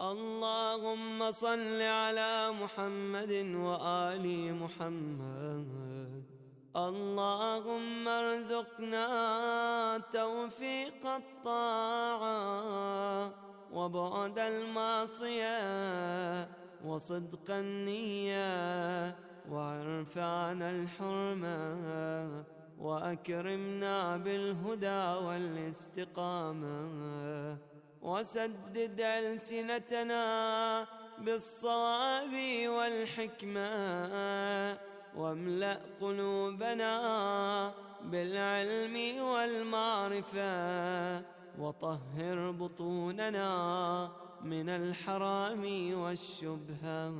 اللهم صل على محمد وآل محمد اللهم ارزقنا توفيق الطاعة وبعد المعصية وصدق النية وارفعنا الحرمة وأكرمنا بالهدى والاستقامة وسدد ألسنتنا بالصواب والحكمة واملأ قلوبنا بالعلم والمعرفة وطهر بطوننا من الحرام والشبهة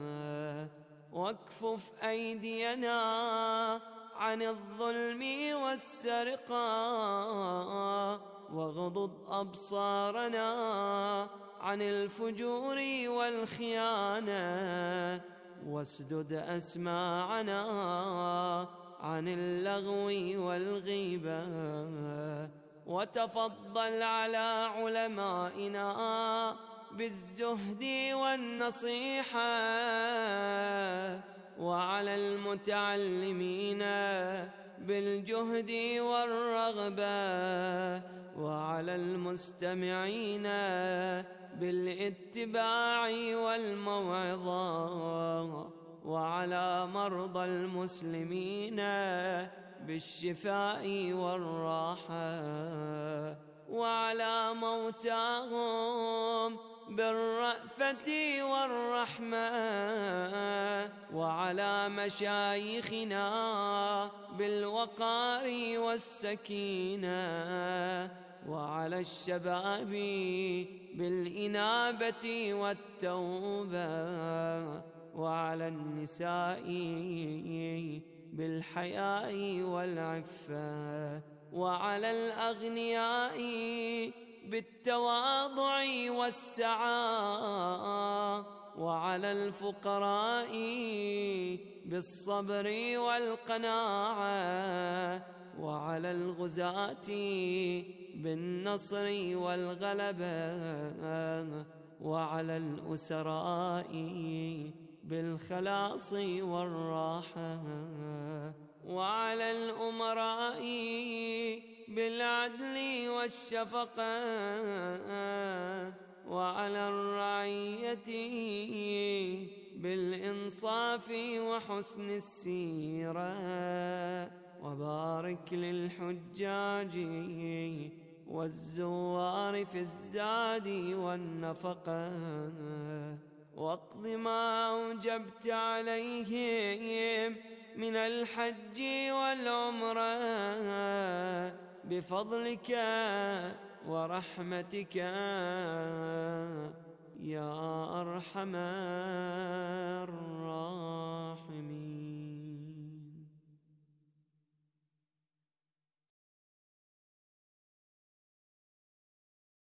واكفف أيدينا عن الظلم والسرقة وغضض أبصارنا عن الفجور والخيانة واسدد أسماعنا عن اللغو والغيبة وتفضل على علمائنا بالزهد والنصيحة وعلى المتعلمين بالجهد والرغبة وعلى المستمعين بالاتباع والموعظة وعلى مرضى المسلمين بالشفاء والراحة وعلى موتاهم بالرأفة والرحمة وعلى مشايخنا بالوقار والسكينه وعلى الشباب بالإنابة والتوبة وعلى النساء بالحياء والعفة وعلى الأغنياء بالتواضع والسعادة وعلى الفقراء بالصبر والقناعة وعلى الغزاة بالنصر والغلبة وعلى الأسراء بالخلاص والراحة وعلى الأمراء بالعدل والشفقة وعلى الرعية بالإنصاف وحسن السيرة وبارك للحجاج والزوار في الزاد والنفقة واقض ما أوجبت عليهم من الحج والعمره بفضلك ورحمتك يا أرحم